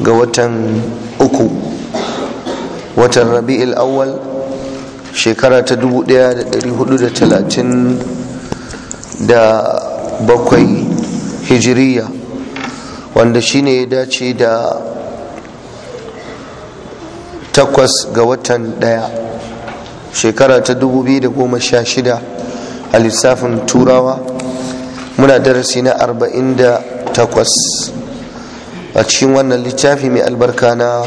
ga watan uku watan rabi'il awwal shekara ta bakwai hijiriya wanda shine ya dace da takwas ga watan daya shekara ta shida a lissafin turawa muna darasi na 48 a cikin wannan littafi mai albarka na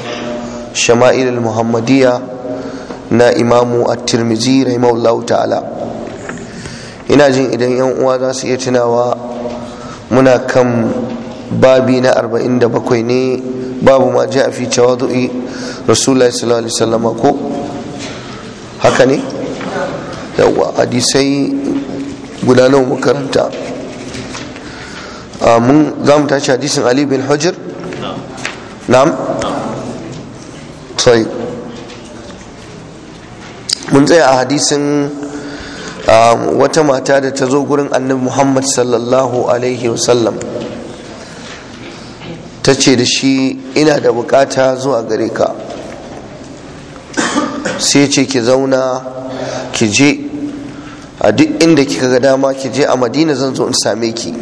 shama'ilul muhammadiyya na imamu at-tirmidhi rahimahullahu ta'ala ina jin idan yan uwa za su iya tunawa muna kan babi na 47 ne babu ma ja fi tawadu'i rasulullahi sallallahu alaihi wasallam ko haka ne yawa hadisai guda nawa muka karanta ah, mun za mu tashi hadisin ali bin hujr mun tsaya a hadisin um, wata mata da ta zo gurin annabi muhammad sallallahu alaihi wasallam ta ce da shi ina da bukata zuwa gare ka sai ce ki zauna ki je a duk inda kika ga dama ki je a madina zan zo in same ki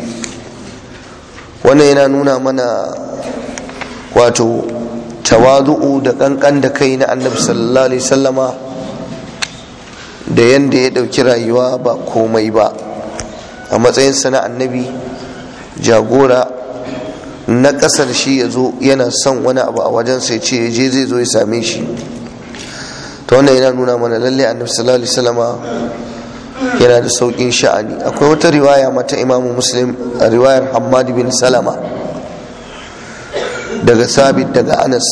wannan yana nuna mana wato Tawadu'u da ƙanƙan da kai na annabi sallallahu alaihi sallama da yanda ya ɗauki rayuwa ba komai ba a matsayin sana annabi jagora na ƙasar shi ya zo yana son wani abu a wajen ya ce je zai zo ya same shi ta wannan yana nuna mana lalle annabi sallallahu alaihi sallama yana da saukin sha'ani akwai wata riwaya mata imamu muslim a riwayar hammad bin salama daga sabit daga anas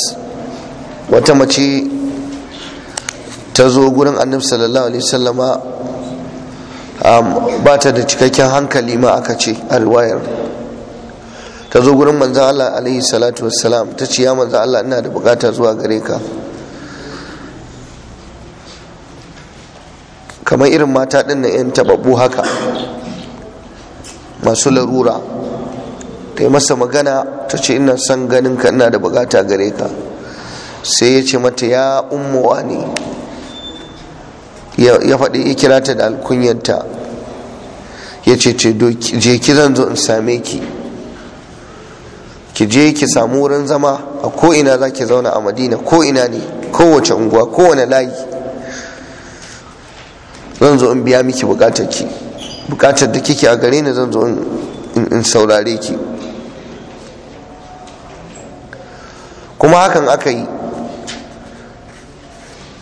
wata mace ta zo gurin annab sallallahu alaihi wasallama um, ba ta da cikakken hankali ma aka ce a riwayar ta zo gurin manzo Allah alaihi salatu wassalam ta ce ya manzo Allah ina da bukata zuwa gare ka kamar irin mata ɗin na 'yan taɓaɓɓu haka masu larura ta yi masa magana ta ce ina son ganin ka ina da bugata gare ka sai ya ce mata ya ummuwa ne ya faɗi ya kira ta da alkunyanta ya ce ce je ki zan zo in same ki ki je ki samu wurin zama a ko'ina za ki zauna a madina ko'ina ne kowace unguwa kowane layi zan zo in biya miki bukatar ki bukatar da kike a gare ni zan zo in saurare ki kuma hakan aka yi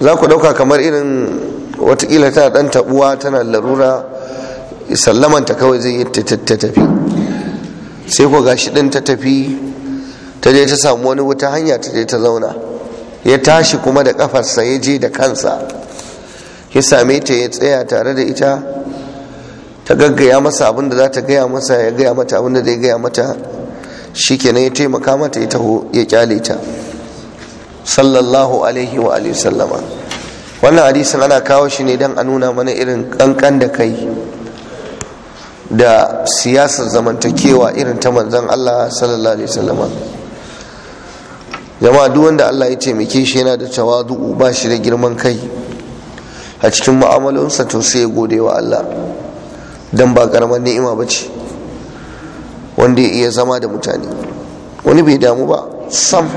za ku ɗauka kamar irin watakila tana ɗan tabuwa tana larura sallamanta kawai zai yi ta tafi sai ku gashi ɗin ta tafi ta je ta samu wani wuta hanya ta je ta zauna ya tashi kuma da kafarsa ya je da kansa ya same ta ya tsaya tare da ita ta gaggaya masa abin da za ta gaya masa ya gaya mata abin da zai gaya mata shi ke ya taimaka mata ya taho ya kyale ta sallallahu alaihi wa alihi sallama wannan hadisin ana kawo shi ne don a nuna mana irin kankan da kai da siyasar zamantakewa irin ta manzan Allah sallallahu alaihi sallama jama'a duk wanda Allah ya taimake shi yana da tawadu'u ba shi da girman kai a cikin mu'amalansa to sai ya gode wa Allah don ba karamar ni'ima ba ce wanda ya iya zama da mutane wani bai damu ba sam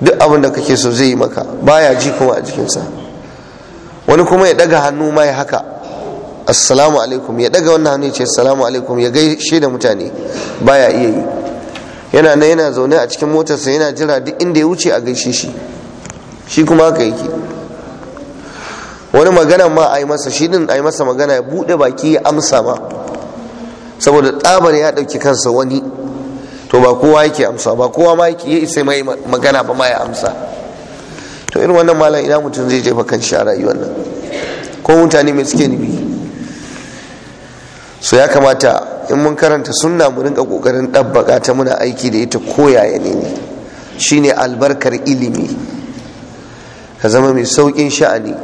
duk abin da kake so zai yi maka baya ji kuma a jikinsa wani kuma ya daga hannu ma ya haka assalamu alaikum ya daga wannan hannu ya ce assalamu alaikum ya gaishe da mutane baya iya yi yana nan yana zaune a cikin motarsa yana jira duk inda ya wuce a gaishe shi shi kuma haka yake wani magana ma a yi masa shi din a yi masa magana ya buɗe baki ya amsa ma saboda tsabar ya ɗauki kansa wani to ba kowa yake amsa ba kowa ma yake ya isa mai magana ba ma ya amsa to irin wannan malam ina mutum zai jefa kan shara yi wannan ko mutane mai suke nubi so ya kamata in mun karanta sunna mu rinka kokarin ɗabbaka ta muna aiki da ita koyaya ne ne shine albarkar ilimi ka zama mai sauƙin sha'ani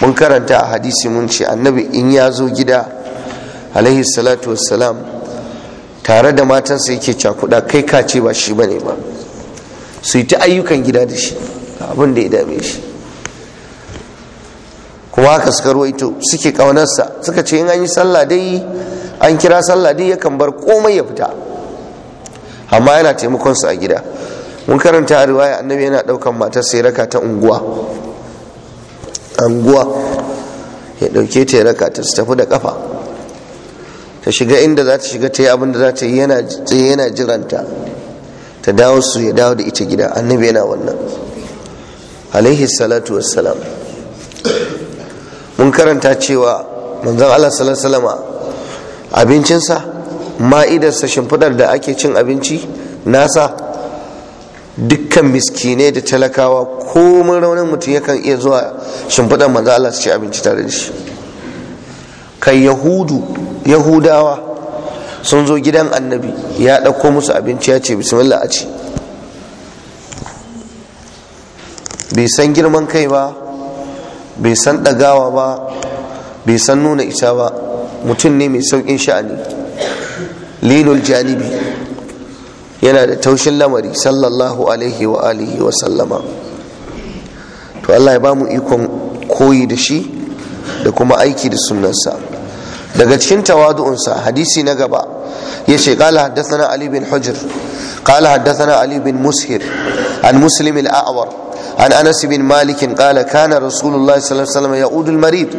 mun karanta a hadisi mun ce annabi in ya zo gida alaihi salatu wassalam tare da matansa yake cakuda kai kace ba shi bane ba su yi ta ayyukan gida da shi abin da ya dame shi kuma haka suka ruwaito suke ƙaunarsa, suka ce in an yi sallah dai an kira sallah dai yakan bar komai ya fita amma yana taimakon su a gida mun karanta a riwaya annabi yana daukan matar sai raka ta unguwa unguwa ya dauke ta ya raka ta su tafi da kafa ta shiga inda za ta shiga ta yi abinda da za ta yi yana tsaye yana jiranta ta dawo su ya dawo da ita gida annabi yana wannan alaihi salatu wassalam mun karanta cewa manzon Allah sallallahu abincinsa ma'idarsa shimfidar da ake cin abinci nasa dukkan miskine da talakawa mun raunin mutum yakan iya zuwa shimfidar manzon Allah su ci abinci tare da shi kai yahudu yahudawa sun zo gidan annabi ya ɗauko musu abinci ya ce bismillah a ci bai san girman kai ba bai san ɗagawa ba bai san nuna isa ba mutum ne mai sauƙin sha'ani linul janibi yana da taushin lamari sallallahu alaihi wa alihi wa sallama to Allah ya ba mu ikon koyi da shi da kuma aiki da sunansa. daga cikin tawadu'unsa hadisi na gaba ya ce kala haddathana ali bin hujr kala haddathana ali bin mushir an muslim al-a'war an anas bin malik kala kana rasulullahi sallallahu alaihi wasallam ya'udu al-marid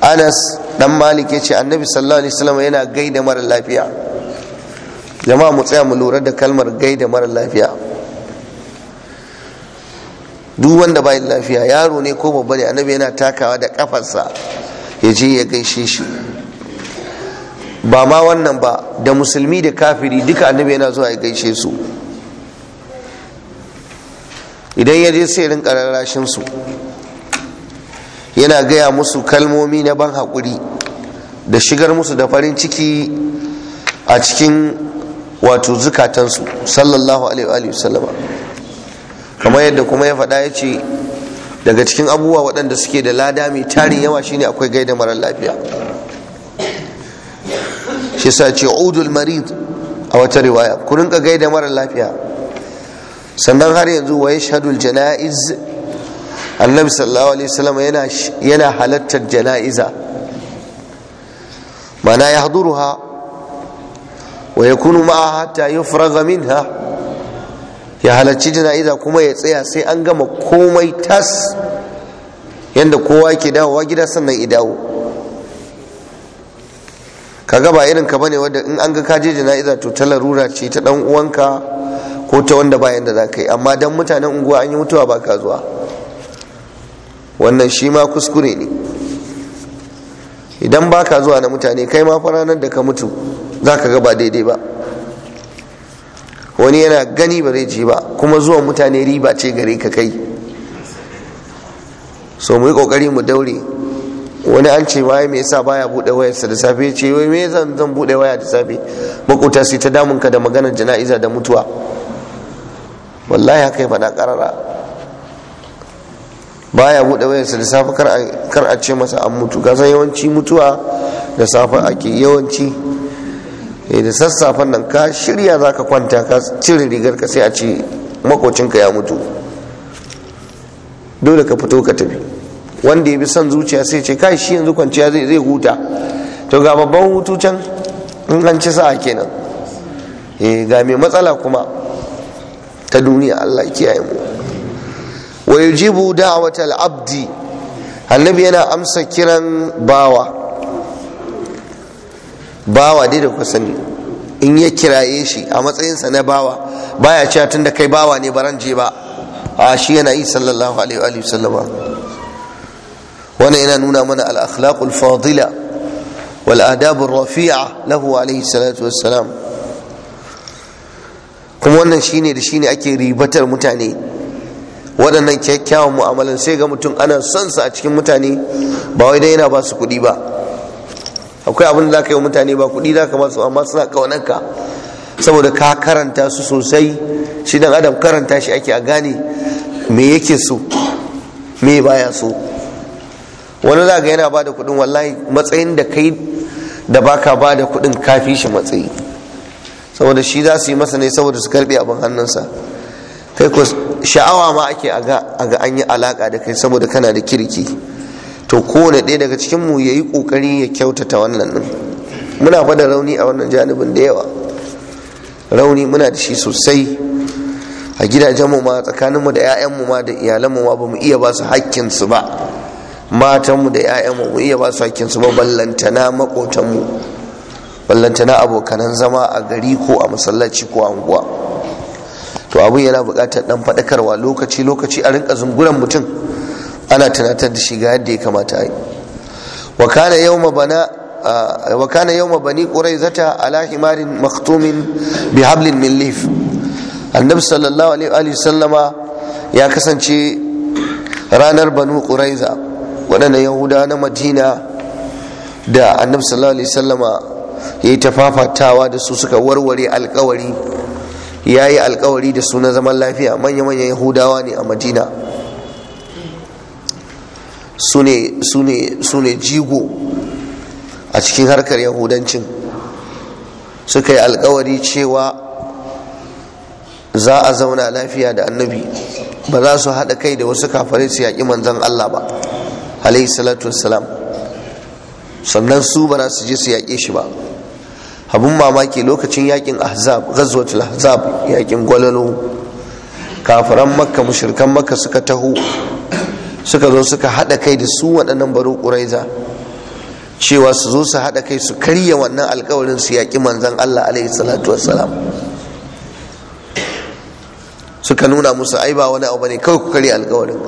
anas dan malik yace annabi sallallahu alaihi wasallam yana gaida mara lafiya jama'a mu tsaya mu lura da kalmar gaida mara lafiya duk wanda bai lafiya yaro ne ko babba ne annabi yana takawa da kafarsa ya je ya gaishe shi ba ma wannan ba da musulmi da kafiri duka annabi yana zuwa ya gaishe su idan ya je sai rinka su yana gaya musu kalmomi na ban haƙuri da shigar musu da farin ciki a cikin wato zukatansu sallallahu alaihi wasallama kamar yadda kuma ya faɗa ya ce daga cikin abubuwa waɗanda suke da lada mai tarin yawa shine akwai gaida mara lafiya shi sa ce udul marid a wata riwaya ku rinka gaida mara lafiya sannan har yanzu wa yashhadul janaiz annabi sallallahu alaihi wasallam yana yana halattar janaiza mana yahduruha wa yakunu ma'aha hatta yufraga minha ya halarci jana'iza kuma ya tsaya sai an gama komai tas yadda kowa ke dawowa gida sannan idawo ka gaba ba irin ka bane wadda in an ga kaje jana'iza to ta larura ce ta dan uwanka ko ta wanda ba da za ka yi amma dan mutanen unguwa an yi mutuwa ba ka zuwa wannan shi ma kuskure ne idan ba ka zuwa na mutane kai ma faranar da ka mutu za ka ga daidai ba wani yana gani ba zai je ba kuma zuwan mutane riba ce gare ka kai so mu yi kokari mu daure wani an ce waye me yasa baya bude wayarsa da safe ce wai me zan zan bude waya da safe makuta sai ta damun ka da maganar jana'iza da mutuwa wallahi haka ya faɗa ƙarara baya bude wayarsa da safe kar a ce masa an mutu ga san yawanci mutuwa da safe ake yawanci Eh, da sassafen nan ka shirya za ka kwanta ka cire rigar ka sai a ce makocinka ya mutu dole ka fito ka tafi wanda ya bi son zuciya sai ce kai shi yanzu kwanciya zai huta to ga babban hutu can in an ci sa'a kenan E, ga mai matsala kuma ta duniya Allah ya kiyaye mu wa yujibu da'watal abdi annabi yana amsa kiran bawa bawa dai da kuka in ya kiraye shi a matsayinsa na bawa baya cewa tun da kai bawa ne baran je ba a shi yana yi sallallahu alaihi wa sallama wannan yana nuna mana al-akhlaqul fadila wal adabur rafi'a lahu alaihi salatu wassalam kuma wannan shine da shine ake ribatar mutane waɗannan kyakkyawan mu'amalan sai ga mutum ana son sa a cikin mutane ba wai dai yana ba su kuɗi ba akwai abin da za ka yi wa mutane ba kuɗi za ka masu amma suna ƙaunarka saboda ka karanta su sosai shi dan adam karanta shi ake a gane me yake so me baya so wani za ga yana bada kuɗin wallahi matsayin da kai da baka bada kuɗin kafi shi matsayi saboda shi za su yi masa ne saboda su karɓe abin hannunsa kai ko sha'awa ma ake a ga an yi alaƙa da kai saboda kana da kirki to kowane ɗaya daga cikin mu yi ƙoƙari ya kyautata wannan nan. muna fada rauni a wannan janibin da yawa rauni muna da shi sosai a gidajen mu ma tsakanin mu da 'ya'yanmu ma da iyalan mu ma bamu iya ba su hakkin ba matan da 'ya'yanmu mu iya ba su hakkin ba ballantana makotan mu ballantana abokanan zama a gari ko a masallaci ko a unguwa to abun yana buƙatar ɗan faɗakarwa lokaci lokaci a rinka zunguran mutum ana tunatar da shiga ga yadda ya kamata yi wa kana yau ma bani zata bani ala himarin maktumin bi hablin min lif annabi sallallahu alaihi wa sallama ya kasance ranar banu quraiza waɗannan yahuda na madina da annabi sallallahu alaihi sallama ya yi tafafatawa da su suka warware alkawari ya yi alkawari da su na zaman lafiya manya-manyan yahudawa ne a madina su ne jigo a cikin harkar yahudancin suka yi alkawari cewa za a zauna lafiya da annabi ba za su haɗa kai da wasu kafarai su yaƙi manzan Allah ba alayhi salatu wassalam sannan su ba za su je su yaƙe shi ba abin mamaki lokacin yaƙin ahzab ghazwatul ahzab yaƙin gwalalo kafiran makka mushrikan makka suka taho suka zo suka haɗa kai da su waɗannan baro ƙuraiza cewa su zo su haɗa kai su karya wannan alkawarin su yaƙi manzan Allah alaihi salatu wassalam suka nuna musu ai ba wani abu ne kawai ku karya alkawarin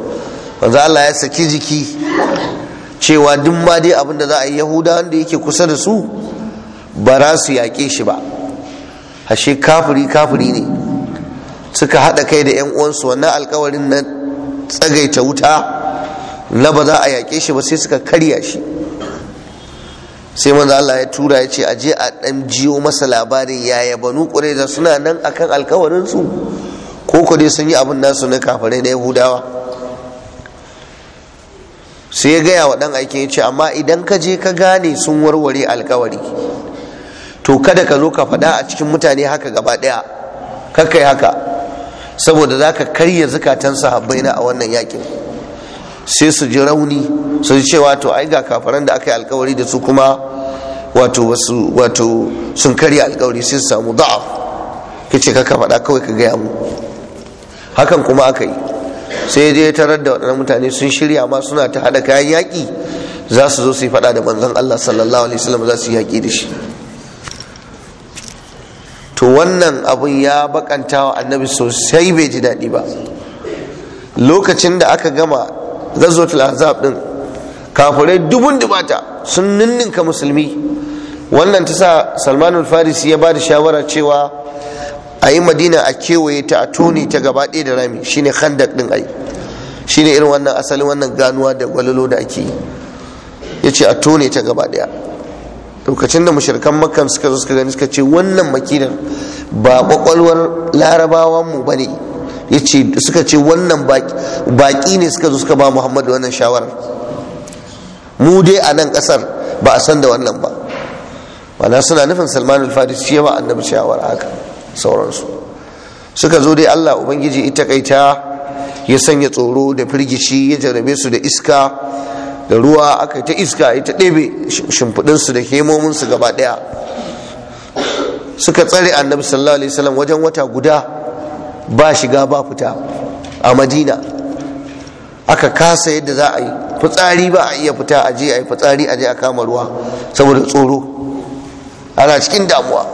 manzan Allah ya saki jiki cewa duk ma dai abin da za a yi yahuda wanda yake kusa da su ba za su yaƙe shi ba ashe kafiri kafiri ne suka haɗa kai da 'yan uwansu wannan alkawarin na tsagaita wuta na ba za a yaƙe shi ba sai suka karya shi sai manzo Allah ya tura ya ce a je a dan jiyo masa labarin yaya banu da suna nan akan alkawarin su ko ko dai sun yi abin nasu na kafare na Yahudawa sai ya gaya wa dan aikin ya ce amma idan ka je ka gane sun warware alkawari to kada ka zo ka faɗa a cikin mutane haka gaba ɗaya kakai haka saboda za ka karya zukatan sahabbai na a wannan yakin sai su ji rauni su ji cewa to ai ga kafaran da aka yi alkawari da su kuma wato wasu wato sun karya alkawari sai su samu da'af ce kaka faɗa kawai ka gaya mu hakan kuma aka yi sai je tarar da waɗannan mutane sun shirya ma suna ta haɗa kayan yaƙi za su zo su yi faɗa da manzon Allah sallallahu alaihi wasallam za su yi yaƙi da shi to wannan abun ya bakanta wa annabi sosai bai ji daɗi ba lokacin da aka gama ghazwatul ahzab din kafirai dubun dubata sun ninninka musulmi wannan ta sa salmanul farisi ya ba da shawara cewa ayi madina a kewaye ta a tone ta gaba ɗaya da rami shine khandak din ai shine irin wannan asalin wannan ganuwa da gwalolo da ake yi ya ce a tone ta gaba ɗaya lokacin da mushirkan makka suka zo suka gani suka ce wannan makinar ba kwakwalwar larabawan mu bane yace suka ce wannan baki ne suka zo suka ba Muhammadu wannan shawarar mu dai a nan kasar ba a san da wannan ba mana suna nufin Salman al-Farisi shi ba annabi shawara haka sauransu suka zo dai Allah ubangiji ita kaita ya sanya tsoro da firgici ya jarabe su da iska da ruwa aka ta iska ya ta ɗebe shimfiɗinsu da hemominsu gaba ɗaya suka tsare annabi sallallahu alaihi wasallam wajen wata guda ba shiga ba fita a madina aka kasa yadda za a yi fitsari ba a iya fita a je a yi fitsari a je a kama ruwa saboda tsoro ana cikin damuwa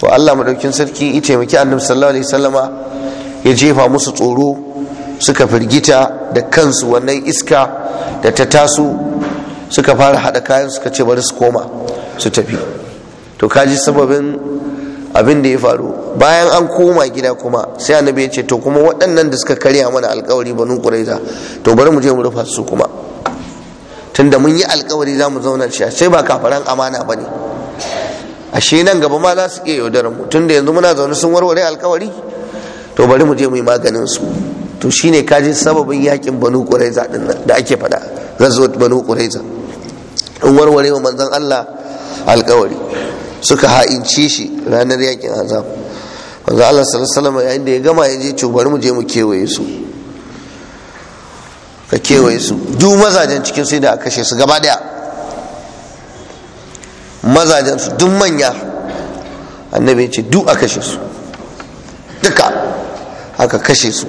to Allah madaukin sarki ya taimaki annabi sallallahu alaihi wasallama ya jefa musu tsoro suka firgita da kansu wannan iska da ta taso suka fara haɗa kayan suka ce bari su koma su tafi to kaji sababin abin da ya faru bayan an koma gida kuma sai annabi ya ce to kuma waɗannan da suka karya mana alkawari banu quraiza to bari mu je mu rufa su kuma tunda mun yi alkawari za mu zauna shi sai ba kafaran amana bane ashe nan gaba ma za su iya yaudarar mu tunda yanzu muna zaune sun warware alkawari to bari mu je mu yi maganin su to shine kaji sababin yakin banu quraiza din da ake faɗa zazzo banu quraiza in warware wa manzon Allah alkawari suka ha'inci shi ranar yakin azab wanzu Allah sallallahu yayin da ya gama ya je ce bari mu je mu kewaye su ka kewaye su duk mazajen cikin sai da kashe su gaba daya mazajen su duk manya annabi ya ce duk a kashe su duka aka kashe su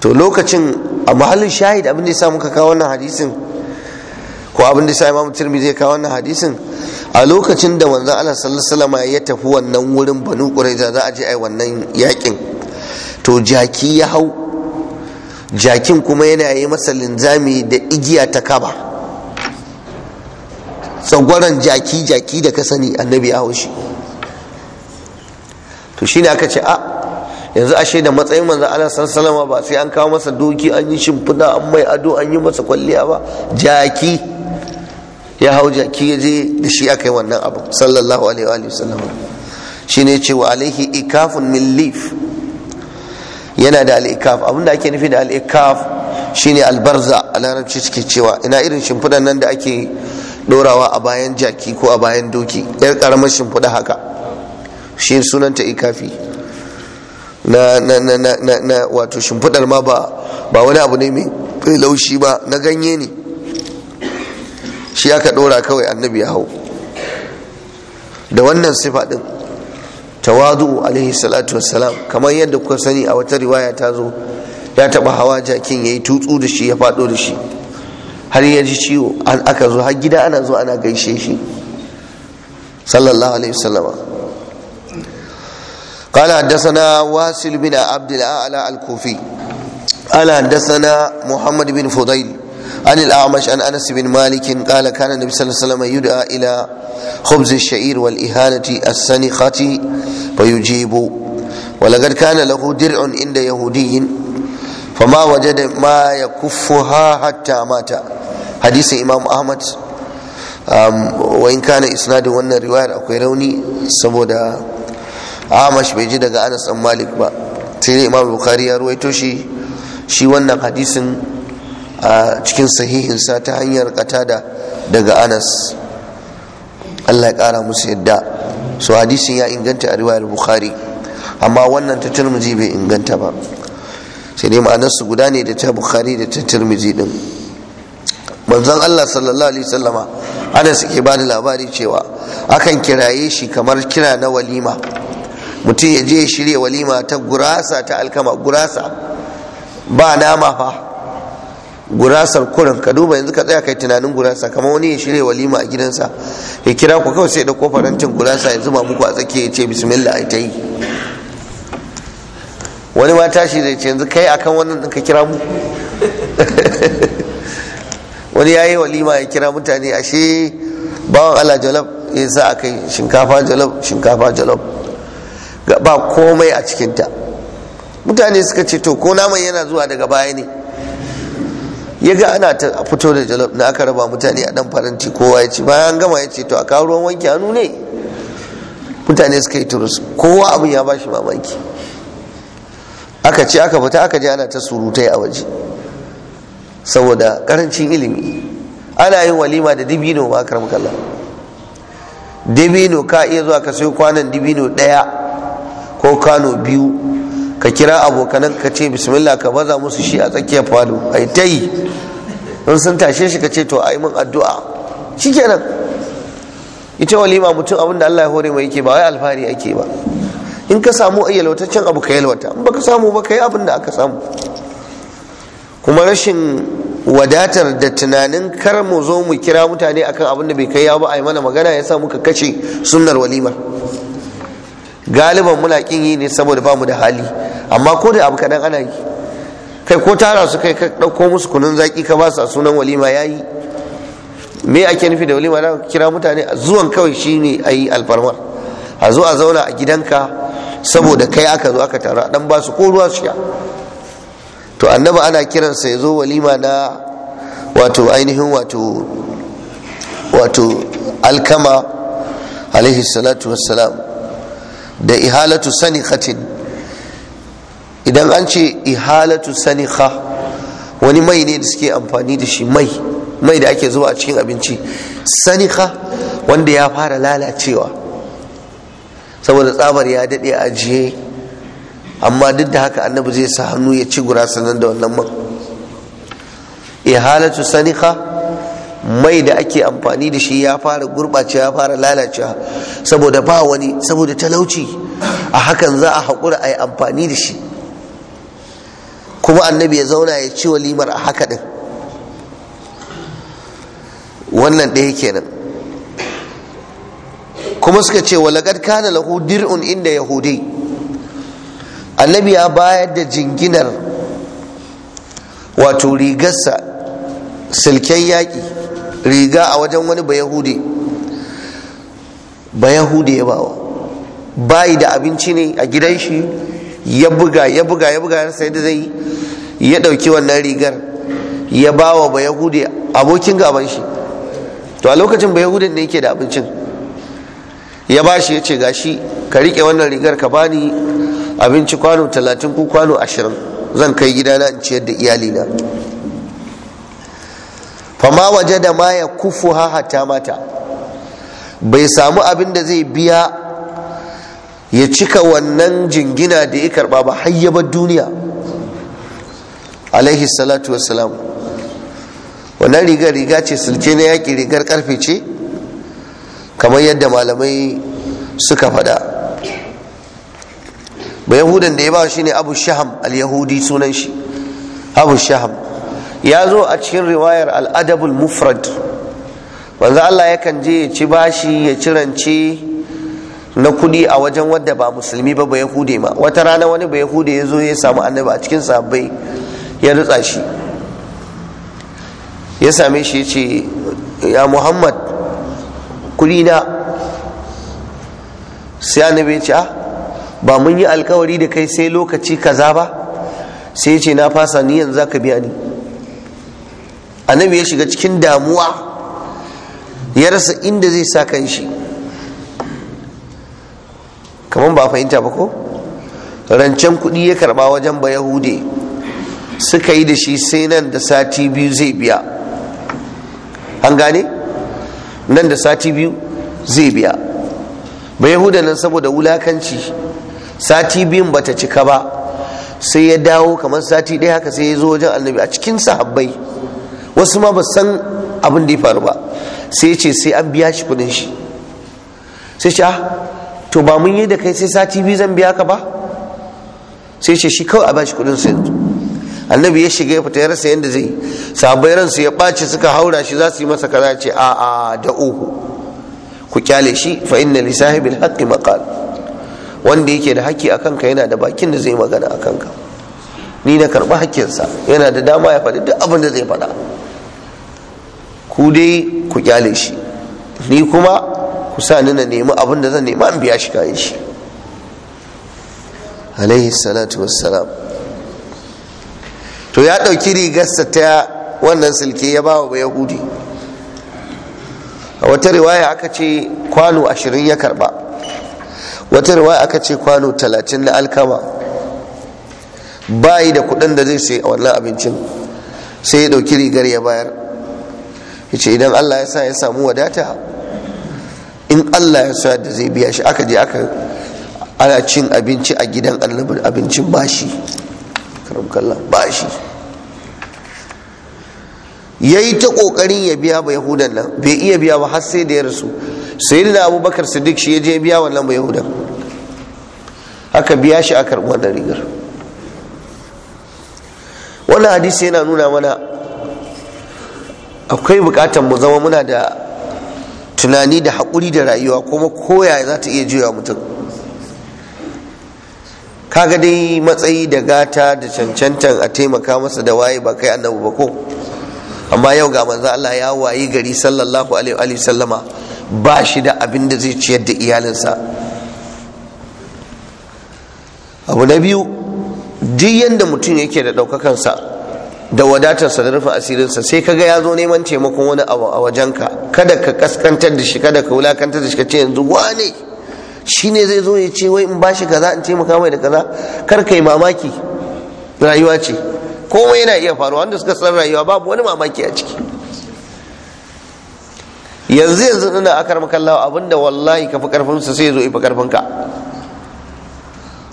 to lokacin a mahallin shahid abin da ya sa muka kawo wannan hadisin ko abin da ya sa imamu tirmidhi ya kawo wannan hadisin a lokacin da wanzan Allah sallallahu ya tafi wannan wurin Banu Qurayza za a je ai wannan yakin to jaki ya hau jakin kuma yana yi masa linzami da igiya ta kaba tsagwaran jaki jaki da ka sani annabi ya haushi to shine aka ce a ah, yanzu ashe da matsayin wanzan Allah sallallahu ba sai an kawo masa doki an yi shimfida an mai ado an yi masa kwalliya ba jaki ya hau jaki ya je da shi aka yi wannan abu sallallahu alaihi wa sallam shi ne ce wa alaihi ikafun min lif yana da al'ikaf abin da ake nufi da al'ikaf shine albarza a larabci suke cewa ina irin shimfiɗan nan da ake ɗorawa a bayan jaki ko a bayan doki yar ƙaramar shimfiɗa haka shi sunanta ikafi na na na na wato shimfiɗar ma ba wani abu ne mai laushi ba na ganye ne shi aka dora kawai annabi ya hau da wannan sifa din tawadu alaihi salatu wassalam kamar yadda kuka sani a wata riwaya ta zo ya taba hawa jakin yayi tutsu da shi ya fado da shi har ya ji ciwo an aka zo har gida ana zo ana gaishe shi sallallahu alaihi na قال حدثنا Abdullahi بن عبد الاعلى الكوفي قال حدثنا محمد بن فضيل عن الأعمش عن أنس بن مالك قال كان النبي صلى الله عليه وسلم يدعى إلى خبز الشعير والإهانة السنخة فيجيب ولقد كان له درع عند يهودي فما وجد ما يكفها حتى مات حديث إمام أحمد وإن كان إسناد وأن الرواية أكوي روني سبودا أعمش بيجي أنس أم مالك با سيدي إمام البخاري يروي توشي shi wannan hadisin a cikin sahihinsa ta hanyar katada daga anas allah ya kara musu yadda Su hadisin ya inganta a riwayar bukhari amma wannan ta turmiji bai inganta ba sai dai ma'anarsu guda ne da ta bukhari da ta turmiji din manzon allah sallallahu alaihi sallama ana suke ba da labari cewa akan kiraye shi kamar kira na walima mutum ya je ya shirya walima ta gurasa ta alkama gurasa ba nama fa gurasar kurin ka duba yanzu ka tsaya kai tunanin gurasa kamar wani ya shirya walima a gidansa ya kira ku kawai sai da kofarancin gurasa ya zuba muku a tsakiya ya ce bismillah ai ta yi wani ma tashi zai ce yanzu kai akan wannan ka kira mu wani ya yi walima ya kira mutane ashe bawan ala jalab ya sa a kai shinkafa jalab shinkafa jalab ba komai a cikinta mutane suka ce to ko naman yana zuwa daga baya ne ya ga ana ta fito da jalof na aka raba mutane a dan faranti kowa ya ce bayan gama ya ce to a kawo ruwan wanke hannu ne mutane suka yi turus kowa abin ya bashi mamaki aka ce aka fita aka je ana ta surutai a waje saboda karancin ilimi ana yin walima da dibino ma karam kalla dibino ka iya zuwa ka sayo kwanan dibino daya ko kano biyu ka kira abokanan ka ce bismillah ka baza musu shi a tsakiyar falo yi ta yi don sun tashe shi ka ce to yi min addu'a shikenan ita walima mutum abin da Allah ya hore mai yake ba wai alfahari ake ba in ka samu yalwataccen abu ka yalwata in baka samu ba ka yi abin da aka samu kuma rashin wadatar da tunanin kar mu zo mu kira mutane akan abin da bai kai ya ba a mana magana ya sa muka kace sunnar walimar galiban muna kin yi ne saboda bamu da hali amma ko da abu kaɗan ana yi kai ko tara su kai ka ɗauko musu kunun zaki ka ba su a sunan walima yayi yi me ake nufi da walima na kira mutane zuwan kawai shine ayi yi a zo a zauna a gidanka saboda kai aka zo aka tara dan ba su ko ruwa su sha to annabi ana kiransa ya zo walima na wato ainihin wato wato alkama alaihi salatu wassalam da ihalatu sanikhatin idan an ce ihalatu sanikha wani mai ne da suke amfani da shi mai mai da ake zuwa a cikin abinci sanikha wanda ya fara lalacewa saboda tsabar ya daɗe ajiye amma duk da haka annabi zai sa hannu ya ci gura nan da wannan man ihalatu sanikha mai da ake amfani da shi ya fara gurɓacewa ya fara lalacewa saboda ba wani saboda talauci a hakan za a haƙura a yi amfani da shi kuma annabi ya zauna ya ci walimar a haka ɗin wannan ɗaya kenan kuma suka ce wa walakad kana lahu dir'un inda Yahudai. annabi ya bayar da jinginar wato rigarsa silken yaƙi riga a wajen wani bayahude bayahude ya bawa bayi da abinci ne a gidan shi ya buga ya buga ya buga sai da zai ya ɗauki wannan rigar ya bawa bayahude abokin gaban shi to a lokacin bayahudin ne yake da abincin ya ba shi ya ce gashi ka riƙe wannan rigar ka bani abinci kwano talatin ko kwano ashirin zan kai gidana in ciyar da iyalina fama waje da ma ya kufu ha hatta mata bai samu abin da zai biya ya cika wannan jingina da ya karba ba hayyabar duniya alaihi salatu wasalam wannan rigar riga ce sulke na yaƙi rigar karfe ce kamar yadda malamai suka faɗa bayan hudun da ya ba shi ne abu shaham al-yahudi sunan shi abu shaham ya zo a cikin riwayar al'adabul mufrad wanzu Allah yakan je ya ci bashi ya cirance na kudi a wajen wadda ba musulmi ba ba yahude ma wata rana wani ba yahude ya zo ya samu annabi a cikin sabbai ya rutsa shi ya same shi ya ce ya muhammad kudi na sai annabi ya ce ah, ba mun yi alkawari da kai sai lokaci kaza ba sai ya ce na fasa ni yanzu za ka biya ni annabi ya shiga cikin damuwa ya rasa inda zai sa kan shi kamar ba fahimta ba ko rancen kuɗi ya karba wajen ba yahude suka yi da shi sai nan da sati biyu zai biya an gane nan da sati biyu zai biya ba yahuda nan saboda wulakanci sati biyun bata cika ba sai ya dawo kamar sati ɗaya haka sai ya zo wajen annabi a cikin sahabbai wasu ma ba san abin da ya faru ba sai ce sai an biya shi kudin shi sai ce ah, to ba mun yi da kai sai sati biyu zan biya ka ba sai ce shi kawai a shi kudin sai yanzu annabi ya shiga ya fita ya rasa yadda zai sabai ransu ya ɓace suka haura shi za su yi masa kaza ce a a da uhu ku kyale shi fa inna li sahibil haqqi maqal wanda yake da haƙƙi a kanka yana da bakin da zai magana a kanka ni na karɓi haƙƙinsa yana da dama ya faɗi duk abin da zai faɗa ku dai ku kyale shi ni kuma ku sa ni na nemi abin da zan nema in biya shi kayan shi alaihi salatu wassalam to ya ɗauki rigarsa ta wannan silke ya ba wa yahudi a wata riwaya aka ce kwano ashirin ya karba wata riwaya aka ce kwano talatin na alkama bayi da kudin da zai sai a wannan abincin sai ya ɗauki rigar ya bayar yace idan Allah ya sa ya samu wadata in Allah ya sa da zai biya shi aka je aka ana cin abinci a gidan annabi abincin bashi karamkallah bashi yayi ta kokarin ya biya ba yahudan nan bai iya biya ba har sai da ya rasu sayyidina abubakar siddiq shi ya je biya wannan ba yahudan aka biya shi a karɓar da rigar wannan hadisi yana nuna mana akwai bukatar mu zama muna da tunani da haƙuri da rayuwa kuma koya za ta iya juya mutum kaga dai matsayi da gata da cancantan a taimaka masa da waye ba kai annabu ba ko amma yau ga manza Allah ya wayi gari sallallahu alaihi wa sallama ba shi da abin da zai ciyar da iyalinsa abu na biyu duk yadda mutum yake da ɗaukakansa da wadatarsa da rufe asirinsa sai kaga ya zo neman taimakon wani abu a wajenka kada ka kaskantar da shi kada ka wulakantar da shi ka ce yanzu wane shi ne zai zo ya ce wai in bashi kaza in taimaka mai da kaza kar kai mamaki rayuwa ce komai yana iya faruwa wanda suka san rayuwa babu wani mamaki a ciki yanzu yanzu ina akar makallawa abinda wallahi ka fi karfin sa sai ya zo fi karfin ka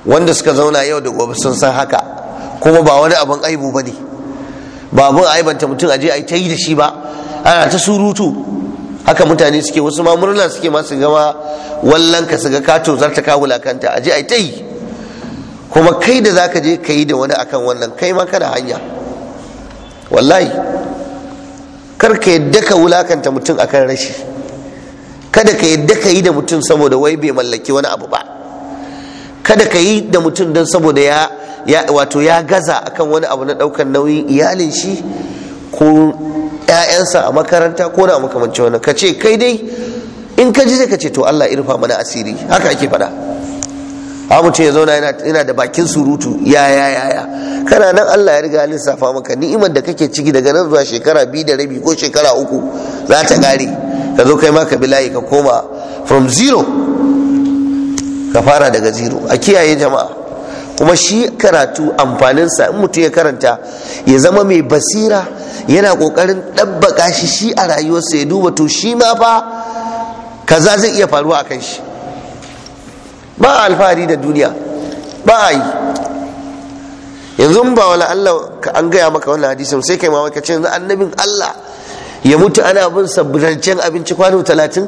wanda suka zauna yau da gobe sun san haka kuma ba wani abin aibu ba ne ba abin aibanta mutum aje a yi ta yi da shi ba ana ta surutu haka mutane suke wasu ma murna suke masu gama wallan ka su ga kato zarta ka wulakanta aje a yi ta yi kuma kai da zaka je ka yi da wani akan wannan kai ma kana hanya wallahi kar ka yadda ka wulakanta mutum akan rashi kada ka yadda ka yi da mutum saboda wai bai mallaki wani abu ba kada ka yi da mutum don saboda ya wato ya gaza akan wani abu na ɗaukar nauyin iyalin shi ko 'ya'yansa a makaranta ko na makamanci wani ka ce kai dai in ka ji sai ka ce to Allah irfa mana asiri haka ake faɗa a mutum ya zauna yana da bakin surutu ya ya ya ya kana nan Allah ya riga lissafa maka ni'imar da kake ciki daga nan zuwa shekara biyu da rabi ko shekara uku za ta gare ka zo kai ma ka bilayi ka koma from zero ka fara daga zero a kiyaye jama'a kuma shi karatu amfaninsa in mutum ya karanta ya zama mai basira yana kokarin ɗabbaka shi shi a rayuwarsa ya duba to shi ma fa kaza zai iya faruwa a kan shi ba alfahari da duniya ba a yi yanzu ba wala Allah an gaya maka wannan hadisin sai kai ma ce yanzu annabin Allah ya mutu ana bin sabbirancen abinci kwano talatin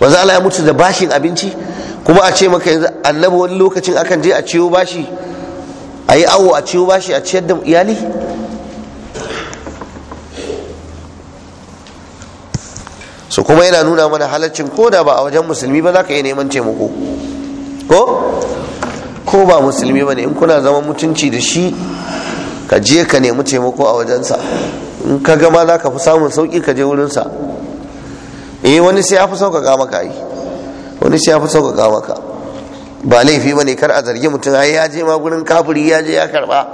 wanzu Allah ya mutu da bashin abinci kuma a ce maka yanzu annabi wani lokacin akan je a ciwo bashi a yi awo a ciwo bashi a ciyar da iyali Su kuma yana nuna mana halaccin ko da ba a wajen musulmi ba za ka iya neman taimako ko ko ba musulmi ba ne in kuna zaman mutunci da shi ka je ka nemi taimako a wajensa in ka gama za ka fi samun sauƙi ka je wurinsa eh wani sai ya fi sauƙaƙa maka yi wani sai ya fi sauƙaƙa maka ba laifi ba ne kar a zargi mutum ai ya je ma gurin kafiri ya je ya karba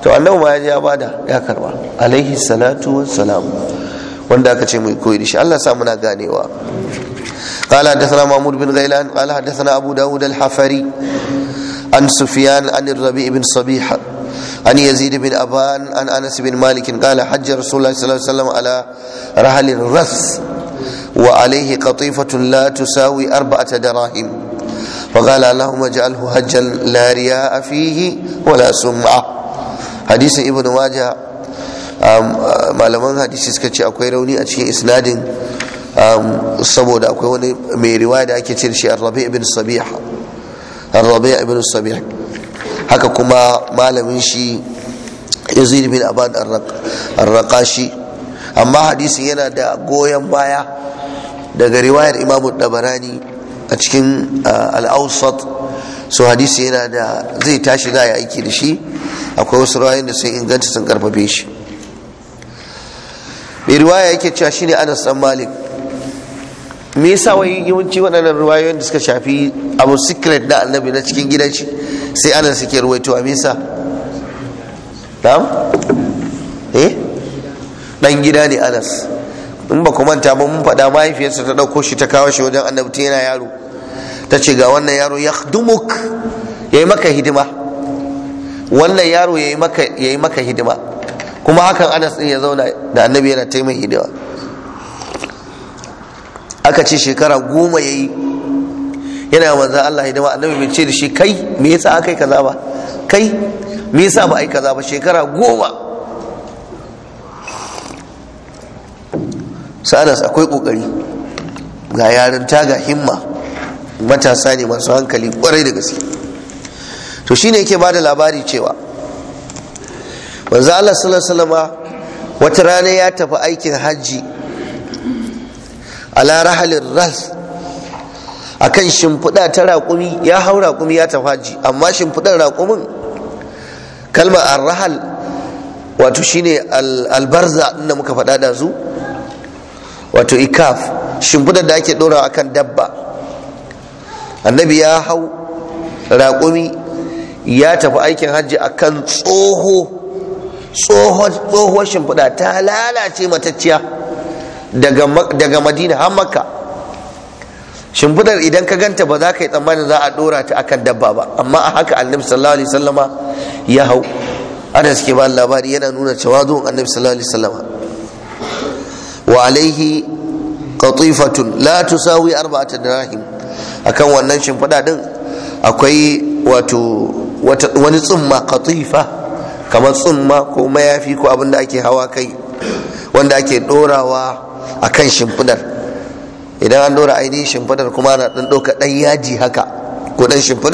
to annabi ma ya je ya bada ya karba alaihi salatu wassalam wanda aka ce mai koyi da shi Allah sa muna ganewa قال حدثنا محمود بن غيلان قال حدثنا أبو داود الحفري عن سفيان عن الربيع بن صبيح عن يزيد بن أبان عن أنس بن مالك قال حج رسول الله صلى الله عليه وسلم على رحل الرث وعليه قطيفة لا تساوي أربعة دراهم فقال اللهم اجعله هجا لا رياء فيه ولا سمعة حديث ابن ماجه malaman hadisi suka ce akwai rauni a cikin isnadin saboda akwai wani mai riwaya da ake cin shi rabi ibn sabih haka kuma malamin shi yazid bin abad ar amma hadisin yana da goyon baya daga riwayar Imamu dabarani a cikin uh, al'ausat su hadisi yana da zai tashi za a yi aiki da shi akwai wasu rawayoyin da sun inganta sun karfafe shi mai riwaya yake cewa shine anas ɗan malik me yasa wai yawanci waɗannan riwayoyin da suka shafi abu secret na annabi na cikin gidan shi sai anas suke ruwaito a me yasa na'am eh dan gida ne anas in ba ku manta ba mun faɗa mahaifiyarsa ta ɗauko shi ta kawo shi wajen annabi ta yana yaro ta ce ga wannan yaro ya dumuk ya yi maka hidima wannan yaro ya yi maka hidima kuma hakan anas ɗin ya zauna da annabi yana taimai hidima aka ce shekara goma ya yi yana manzan Allah hidima annabi bai ce da shi kai me yasa aka yi kaza ba kai me yasa ba a yi kaza ba shekara goma sa'anas akwai kokari ga yarinta ga himma matasa ne masu hankali kwarai da gaske to shine yake bada labari cewa manzo Allah sallallahu alaihi wata rana ya tafi aikin hajji ala rahalin ras akan shimfiɗa ta raƙumi ya hau raƙumi ya tafi hajji amma shimfiɗar raƙumin kalmar arrahal wato shine albarza inda muka faɗa da zu wato ikaf shimfidar da ake dora akan dabba annabi ya hau raƙumi ya tafi aikin hajji akan tsoho tsohuwar ta lalace matacciya daga madina har makka shimfiɗar idan ka ganta ba za ka yi tsammanin za a ɗora ta akan dabba ba amma a haka annabi sallallahu alaihi wasallama ya hau ana suke ba labari yana nuna cewa zuwan annabi sallallahu alaihi wasallama وعليه قطيفة لا تساوي أربعة دراهم أكون wannan shimfiɗa din akwai wato wani tsumma qatifa kamar tsumma ko mayafi ko abin da ake hawa kai wanda ake dorawa akan shimfidar idan an dora ainihin shimfidar kuma na ɗan ɗauka ɗan yaji haka ko ɗan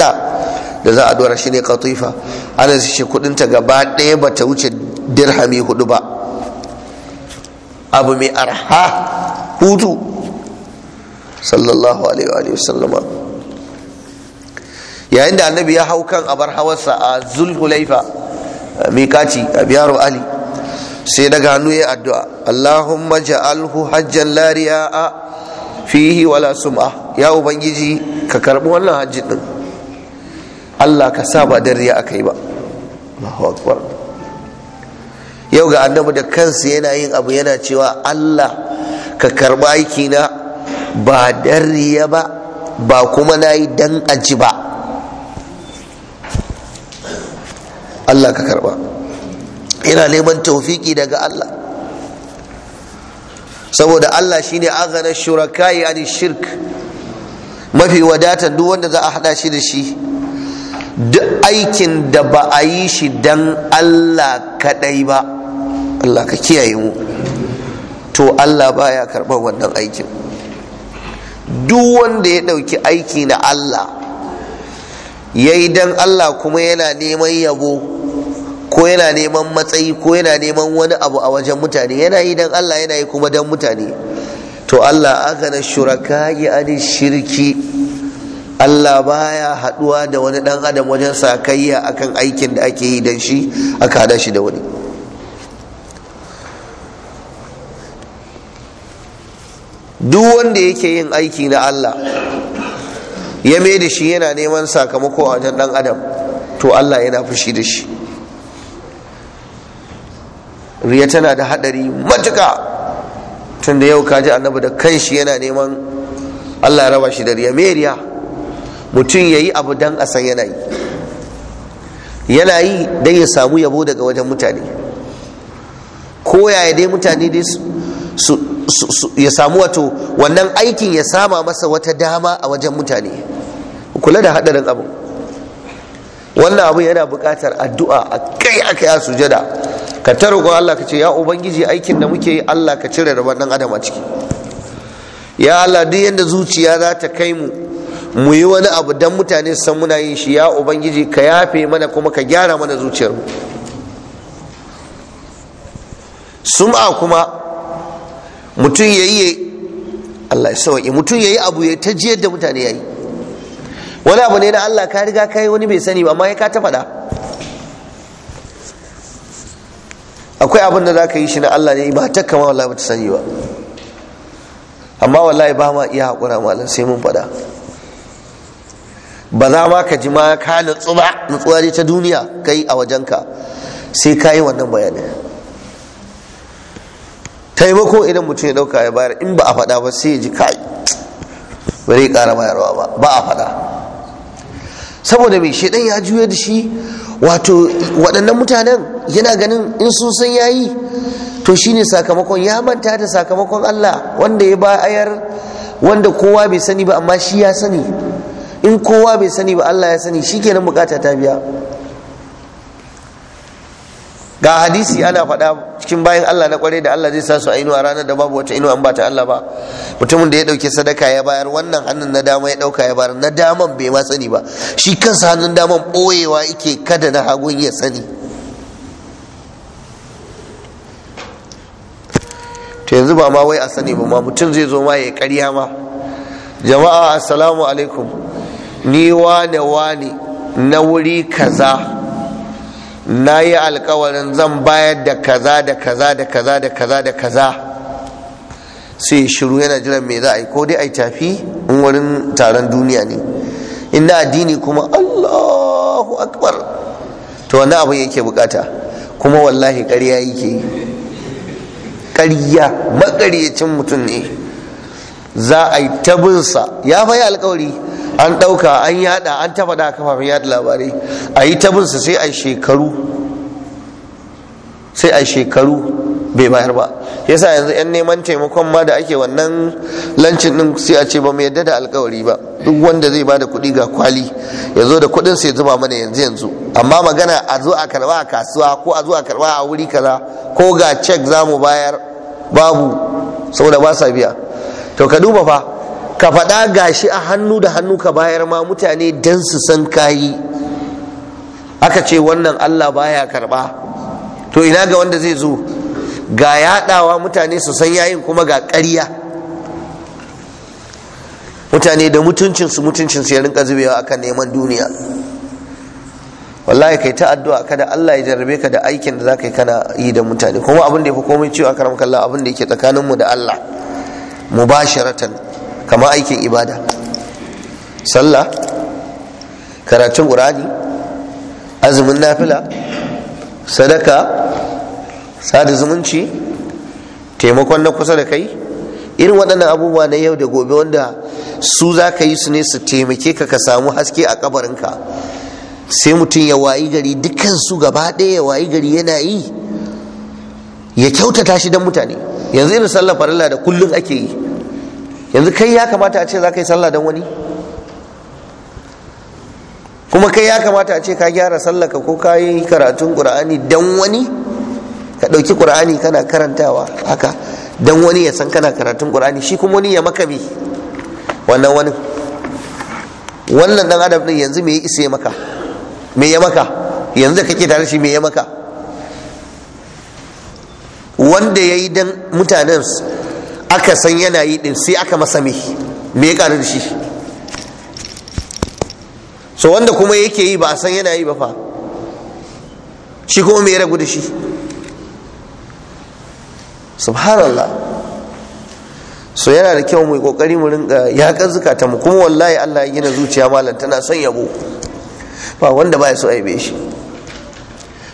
da za a dora shine qatifa ana shi kudin ta gaba ɗaya bata wuce dirhami hudu ba abu mai arha hutu sallallahu alaihi wa sallama yayin da annabi ya hau kan abar hawarsa a zulhulaifa mikaci a biyaro ali sai daga hannu ya addu'a Allahumma ja'alhu hajjan lariya a fihi wala sum'a ya ubangiji ka karbi wannan hajji din Allah ka sa ba dariya akai ba Allahu akbar yau ga annabi da kansa yana yin abu yana cewa Allah ka karba aikina ba dan riya ba ba kuma na yi dan aji ba Allah ka karba yana neman taufiki daga Allah saboda Allah shine agana shurakai ani shirk mafi wadatan duk wanda za a hada shi da shi duk aikin da ba a yi shi dan Allah kadai ba Allah ka kiyaye mu to Allah baya karɓar wannan aikin duk wanda ya ɗauki aiki na Allah ya yi don Allah kuma yana neman yabo ko yana neman matsayi ko yana neman wani abu a wajen mutane yana yi don Allah yana yi kuma don mutane to Allah aka na shuraka yi ani shirki Allah baya haɗuwa da wani ɗan adam wajen sakayya akan aikin da ake yi don shi aka haɗa shi da wani duk wanda yake yin aiki na Allah ya mai da shi yana neman sakamako a wajen dan adam to Allah yana fushi da shi riya tana da hadari matuka tunda da yau kaji annabi da shi yana neman Allah ya raba shi da riya mai riya mutum ya yi abu dan a san yana yi yana yi don ya samu yabo daga wajen mutane ko yaya dai mutane dai su ya samu wato wannan aikin ya sama masa wata dama a wajen mutane kula da haɗarin abu wannan abu yana buƙatar addu'a a kai aka a sujada ka taro Allah ka ce ya ubangiji aikin da muke yi Allah ka cire rabon dan adam a ciki ya Allah duk yanda zuciya za ta kai mu mu yi wani abu dan mutane san muna yin shi ya ubangiji ka yafe mana kuma ka gyara mana zuciyar mu sum'a kuma mutum ya yi Allah ya sauƙi mutum ya yi abu ya ta jiyar da mutane ya yi wani abu ne na Allah ka riga ka yi wani bai sani ba amma ya ka ta faɗa akwai abin da za ka yi shi na Allah ne ba ta kama wallahi ba ta sani ba amma wallahi ba ma iya haƙura malam sai mun faɗa ba za ma ka ji ma ka nutsuwa ba ne ta duniya kai a wajenka sai ka yi wannan bayanin taimako idan mutum ya dauka ya bayar in ba a faɗa ba sai ya ji kai bari ya ƙara bayarwa ba ba a faɗa saboda mai shaidan ya juya da shi wato waɗannan mutanen yana ganin in sun san yayi to shine sakamakon ya manta da sakamakon Allah wanda ya bayar wanda kowa bai sani ba amma shi ya sani in kowa bai sani ba Allah ya sani shikenan bukata ta biya ga hadisi ana faɗa cikin bayan Allah na kwarai da Allah zai sa su a inuwa ranar da babu wata inuwa an ba ta Allah ba mutumin da ya dauke sadaka ya bayar wannan hannun na dama ya dauka ya bayar na daman bai ma sani ba shi kansa hannun daman ɓoyewa yake kada na hagun ya sani to yanzu ba ma wai a sani ba ma mutum zai zo ma ya karya ma jama'a assalamu alaikum ni wane wane na wuri kaza na yi alkawarin zan bayar da kaza da kaza da kaza da kaza da kaza sai shiru yana jiran me za a yi ko dai a yi tafi in wurin taron duniya ne in addini kuma allahu akbar to wani abu yake bukata kuma wallahi ƙarya yake ƙarya maƙaryacin mutum ne za a yi tabinsa ya fayi alkawari an ɗauka an yada an tafa da kafafen yada labarai a yi tabinsa sai a shekaru sai a shekaru bai bayar ba yasa yanzu 'yan neman taimakon ma da ake wannan lancin din sai a ce ba mu yadda da alkawari ba duk wanda zai bada kuɗi ga kwali ya zo da kuɗin sai zuba mana yanzu yanzu amma magana a zo a karba a kasuwa ko a zo a karba a wuri kaza ko ga cek za mu bayar babu saboda ba sa biya to ka duba fa ka faɗa gashi a hannu da hannu ka bayar ma mutane don su san kayi aka ce wannan allah baya karɓa to ina ga wanda zai zo ga yaɗawa mutane su san yayin kuma ga ƙarya mutane da mutuncinsu mutuncinsu ya rinka zubewa akan neman duniya wallahi kai ta addu'a kada Allah ya jarrabe ka da aikin da za ka yi kana yi da mutane kuma abin da ya fi komai ciwo a abin da yake tsakaninmu da Allah mubasharatan Kama aikin ibada sallah karatun ƙurani azumin nafila sadaka sada zumunci taimakon na kusa da kai irin waɗannan abubuwa na yau da gobe wanda su za ka yi su ne su taimake ka ka samu haske a kabarinka sai mutum ya wayi gari dukkan su gaba ɗaya ya wayi gari yana yi ya kyautata shi don mutane yanzu irin sallah farilla da kullum ake yi yanzu kai ya kamata a ce za ka yi sallah don wani kuma kai ya kamata a ce ka gyara sallaka ko ka yi karatun ƙura'ani don wani ka ɗauki ƙura'ani kana karantawa haka don wani ya san kana karatun ƙura'ani shi kuma wani ya maka bi wannan wani wannan dan adam ɗin yanzu me ya isa maka me ya maka yanzu kake tare shi me ya maka wanda ya yi don mutanen aka san yana yi din sai aka masa me me ya da shi so wanda kuma yake yi ba a san yana yi ba fa shi kuma me ya ragu da shi subhanallah so yana da kyau mai kokari mu rinka kan zukata mu kuma wallahi Allah ya gina zuciya malam tana son yabo ba wanda ba ya so aibe shi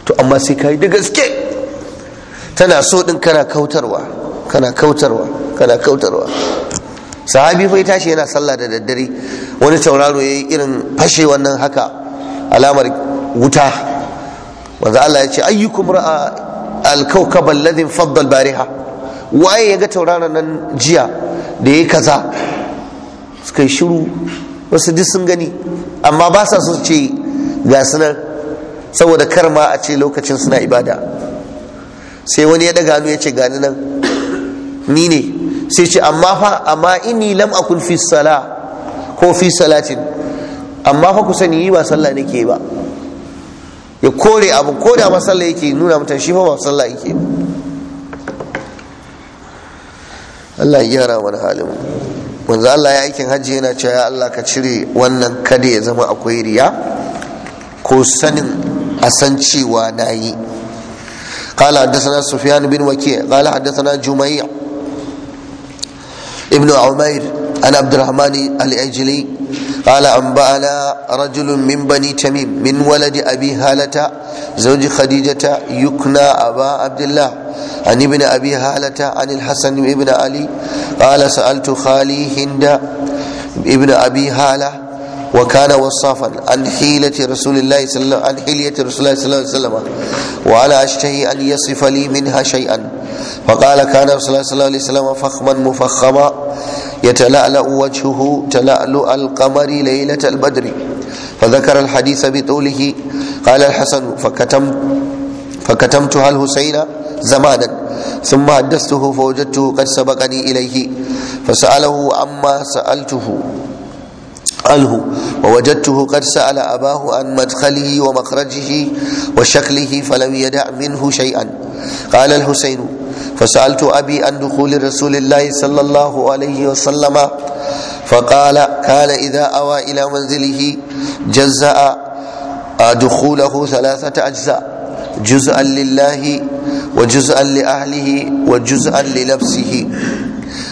to amma sai kai da gaske tana so din kana kautarwa kana kautarwa kana kautarwa sahabi fa tashi yana sallah da daddare wani tauraro yayi irin fashe wannan haka alamar wuta wanda Allah ya ce ayyukum ra'a al-kawkab alladhi faddal bariha waye ya ga tauraron nan jiya da yayi kaza suka yi shiru wasu duk sun gani amma ba sa su ce ga sunan saboda kar ma a ce lokacin suna ibada sai wani ya daga hannu ya ce gani nan ni ne sai ce amma fa amma inni lam akun fi sala ko fi salatin amma fa ku sani ba sallah nake ba ya kore abu ko da ba sallah yake nuna mutan shi fa ba sallah yake Allah ya gyara mana halin wanzu Allah ya aikin hajji yana cewa ya Allah ka cire wannan kada ya zama akwai riya ko sanin a san cewa na nayi قال حدثنا سفيان بن وكيع قال حدثنا جميع ابن عمير عن عبد الرحمن العجلي قال أنبأنا رجل من بني تميم من ولد أبي هالة زوج خديجة يكنى أبا عبد الله عن ابن أبي هالة عن الحسن ابن علي قال سألت خالي هند ابن أبي هالة وكان وصافا عن حيلة رسول الله صلى الله عن حيلة رسول الله صلى الله عليه وسلم وعلى أشتهي أن يصف لي منها شيئا فقال كان رسول الله صلى الله عليه وسلم فخما مفخما يتلألأ وجهه تلألؤ القمر ليلة البدر فذكر الحديث بطوله قال الحسن فكتم فكتمتها الحسين زمانا ثم حدثته فوجدته قد سبقني إليه فسأله عما سألته قاله ووجدته قد سأل أباه عن مدخله ومخرجه وشكله فلم يدع منه شيئا قال الحسين فسألت أبي عن دخول رسول الله صلى الله عليه وسلم فقال كان إذا أوى إلى منزله جزأ دخوله ثلاثة أجزاء جزءا لله وجزءا لأهله وجزءا لنفسه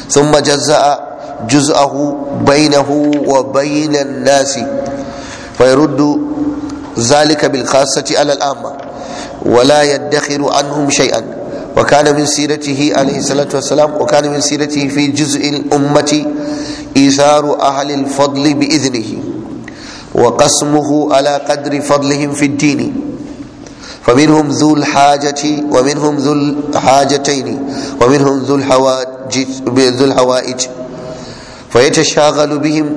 ثم جزأ جزءه بينه وبين الناس فيرد ذلك بالخاصة على العامة ولا يدخر عنهم شيئا وكان من سيرته عليه الصلاة والسلام وكان من سيرته في جزء الأمة إيثار أهل الفضل بإذنه وقسمه على قدر فضلهم في الدين فمنهم ذو الحاجة ومنهم ذو الحاجتين ومنهم ذو الحوائج ذو الحوائج فيتشاغل بهم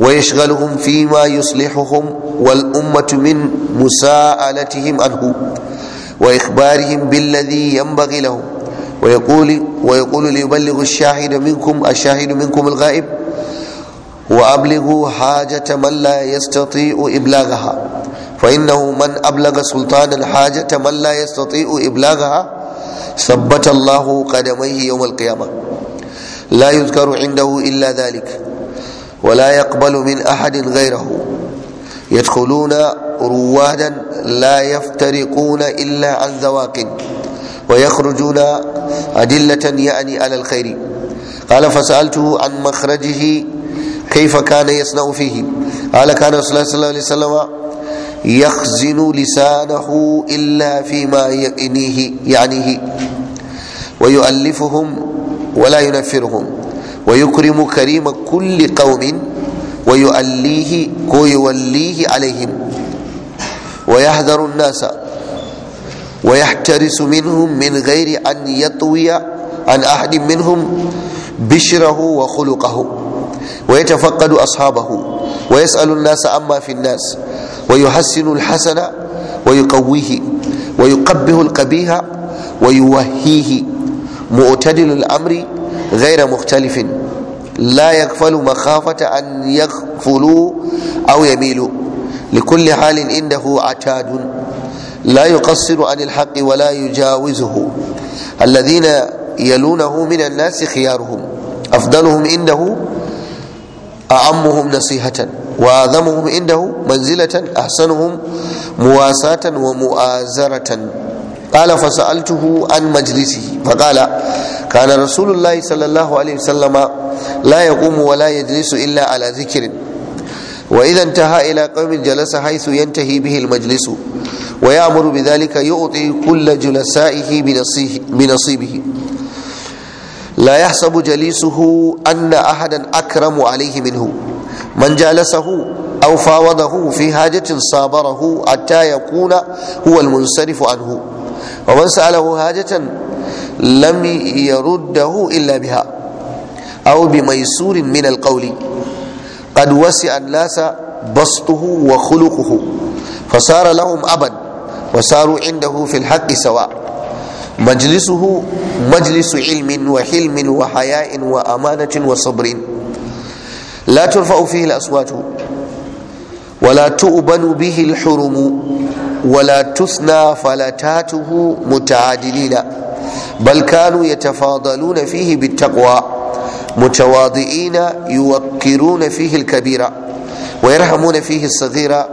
ويشغلهم فيما يصلحهم والأمة من مساءلتهم عنه وإخبارهم بالذي ينبغي لهم ويقول ويقول ليبلغ الشاهد منكم الشاهد منكم الغائب وأبلغوا حاجة من لا يستطيع إبلاغها فإنه من أبلغ سلطانا حاجة من لا يستطيع إبلاغها ثبت الله قدميه يوم القيامة لا يذكر عنده إلا ذلك ولا يقبل من أحد غيره يدخلون روادا لا يفترقون إلا عن ذواق ويخرجون أدلة يعني على الخير قال فسألته عن مخرجه كيف كان يصنع فيه قال كان رسول الله صلى الله عليه وسلم يخزن لسانه إلا فيما يعنيه ويؤلفهم ولا ينفرهم ويكرم كريم كل قوم ويؤليه ويوليه عليهم ويحذر الناس ويحترس منهم من غير أن يطوي عن أحد منهم بشره وخلقه ويتفقد أصحابه ويسأل الناس عما في الناس ويحسن الحسن ويقويه ويقبه القبيح ويوهيه معتدل الأمر غير مختلف لا يغفل مخافة أن يغفلوا أو يميلوا لكل حال عنده عتاد لا يقصر عن الحق ولا يجاوزه الذين يلونه من الناس خيارهم أفضلهم عنده أعمهم نصيحة وأعظمهم عنده منزلة أحسنهم مواساة ومؤازرة قال فسألته عن مجلسه فقال كان رسول الله صلى الله عليه وسلم لا يقوم ولا يجلس إلا على ذكر وإذا انتهى إلى قوم جلس حيث ينتهي به المجلس ويأمر بذلك يعطي كل جلسائه بنصيبه لا يحسب جليسه أن أحدا أكرم عليه منه من جالسه أو فاوضه في حاجة صابره حتى يكون هو المنصرف عنه wa man sa'alahu hajatan lam hu ila biha aw bi maisurin min alqawli qad wasi'a an-nasa bastuhu wa khuluquhu fasara lahum abad wa saru indahu fil haqqi sawa' مجلسه مجلس علم وحلم وحياء وأمانة وصبر لا ترفع فيه الأصوات ولا تؤبن به الحرم wala tusna falatatuhu muta'adilina bal kanu yatafadaluna fihi bittaqwa متواضعين يوقرون فيه الكبير ويرحمون فيه الصغير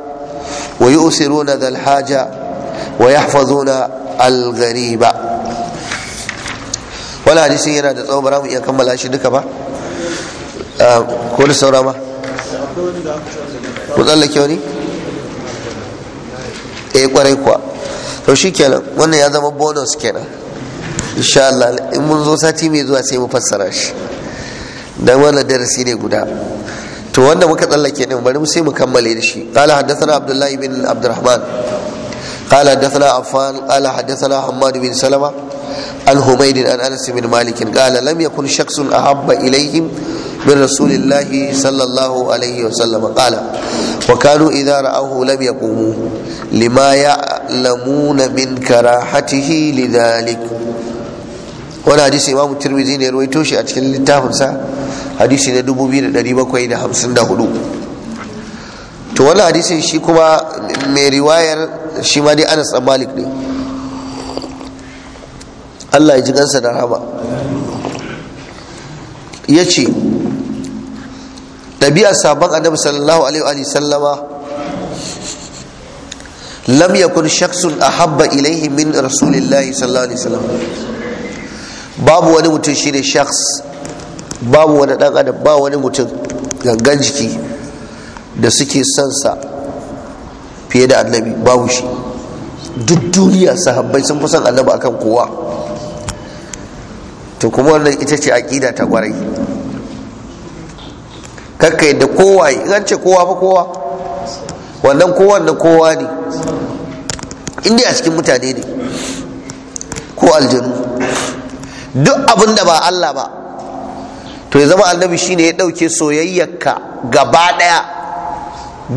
ويؤثرون ذا الحاجة ويحفظون الغريب ولا حديثي ينا da tsawon baramu iya kammala shi duka ba ko da saura eh kwarai kuwa to shi kenan wannan ya zama bonus kenan insha Allah in mun zo sati mai zuwa sai mu fassara shi dan wannan darasi ne guda to wanda muka tsallake din bari mu sai mu kammale da shi qala haddathana abdullahi bin abdurrahman قال حدثنا عفان قال حدثنا حماد بن سلمة عن حميد عن أنس بن مالك قال لم يكن شخص أحب إليهم من رسول الله صلى الله عليه وسلم قال وكانوا إذا رأوه لم يقوموا لما يعلمون من كراحته لذلك wani hadisi imamu tirmidhi ne ruwaito shi a cikin littafinsa hadisi na 2754 to wani hadisi kuma mai riwayar shi ma dai anas malik ne Allah ya ji gansa da raba. ya ce ɗabi'ar sabon annabi sallallahu alaihi wa sallama lam yakun a habba ilaihi min rasulillahi sallallahu alaihi sallama babu wani mutum shi ne shaks babu wani ɗan adam ba wani mutum gangan jiki da suke son sa fiye da annabi babu shi duk duniya sahabbai sun fi son annabi akan kowa to kuma wannan ita ce aqida ta kwarai kakka yadda kowa in an ce kowa fa kowa wannan kowa da kowa ne inda a cikin mutane ne ko aljanu duk abin da ba Allah ba to ya zama annabi shine ya ɗauke soyayyarka gaba ɗaya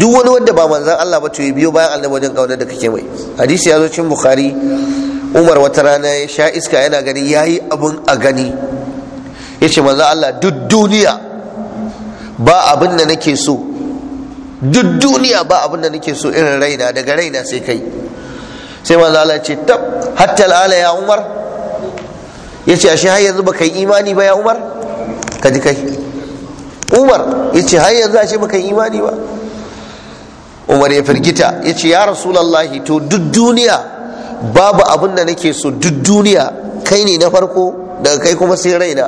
duk wani wanda ba manzan Allah ba to ya biyo bayan annabi wajen ƙaunar da kake mai hadisi ya zo cikin bukhari umar wata rana ya sha iska yana gani yayi yi abin a gani ya ce manzan Allah duk duniya ba abin da nake so duk duniya ba abin da nake so irin raina daga raina sai kai sai manzo Allah ce tab hatta ala ya Umar yace ashe har yanzu baka yi imani ba ya Umar ka ji kai Umar yace har yanzu ashe baka yi imani ba Umar ya firgita yace ya Rasulullahi to duk duniya babu abin da nake so duk duniya kai ne na farko daga kai kuma sai raina